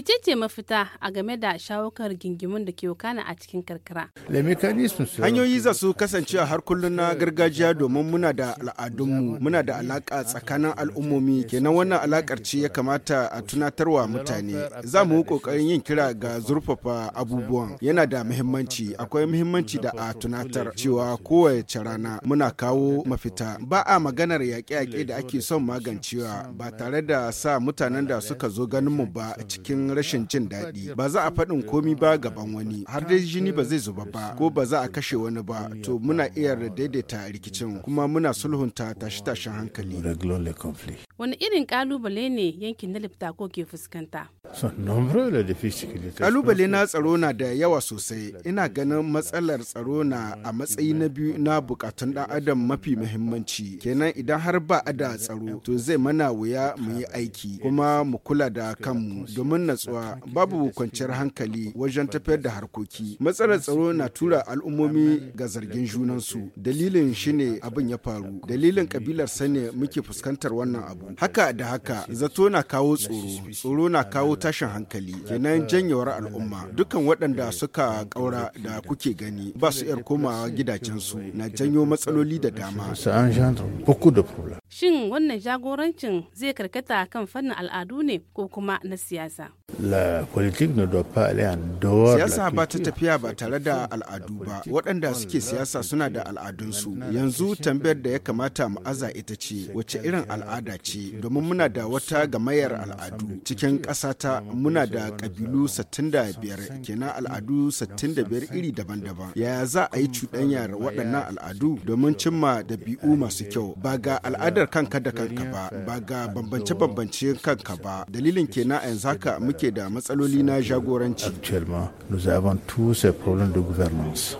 ce mafita a game da shawukar gingimin da ke wakana a cikin karkara? Hanyoyi za su kasance a har kullum na gargajiya domin muna da al'adunmu, muna da alaƙa tsakanin al'ummomi, kenan wannan alaƙar ce ya kamata a tunatarwa mutane. Za mu yi ƙoƙarin yin kira ga zurfafa abubuwan. Yana da muhimmanci, akwai muhimmanci da a tunatar cewa kowace rana muna kawo mafita. Ba a maganar yaƙe-yaƙe da ake son magancewa ba tare da sa mutanen da suka zo ganinmu ba cikin rashin jin daɗi ba za a faɗin komi ba gaban wani har dai jini ba zai zuba ba ko ba za a kashe wani ba to muna iya daidaita rikicin kuma muna sulhunta tashi-tashin hankali wani irin kalubale ne yankin na ko ke fuskanta Kalubale na tsaro na da yawa sosai, ina ganin matsalar tsaro na a matsayi na biyu na bukatun ɗan adam mafi muhimmanci. Kenan idan har ba a da tsaro, to zai mana wuya mu yi aiki kuma mu kula da kanmu domin natsuwa babu kwanciyar hankali wajen tafiyar da harkoki. Matsalar tsaro na tura al'ummomi ga zargin junansu. Dalilin shine abin ya faru, dalilin kabilar sane muke fuskantar wannan abu. Haka da haka, zato na kawo tsoro, tsoro na kawo tashin hankali yanayin janyewar al'umma dukkan waɗanda suka ƙaura da kuke gani ba su iya komawa gidajensu na janyo matsaloli da dama. Shin wannan jagorancin zai karkata kan fannin al'adu ne ko kuma na siyasa? Siyasa ba ta tafiya ba tare da al'adu ba, waɗanda suke siyasa suna da al'adunsu. Yanzu tambayar da ya kamata ma'aza ita ce, wace irin al'ada ce, domin muna da wata gamayar al'adu. Cikin ƙasata muna da ƙabilu 65 kenan al'adu 65 iri daban-daban. Yaya za a yi cuɗanyar waɗannan al'adu domin cimma dabi'u masu kyau ba ga al'adar maganar kanka da kanka ba ba ga bambance-bambance kanka ba dalilin kenan a yanzu haka muke da matsaloli na jagoranci Actuellement, nous avons tous ces problèmes de gouvernance.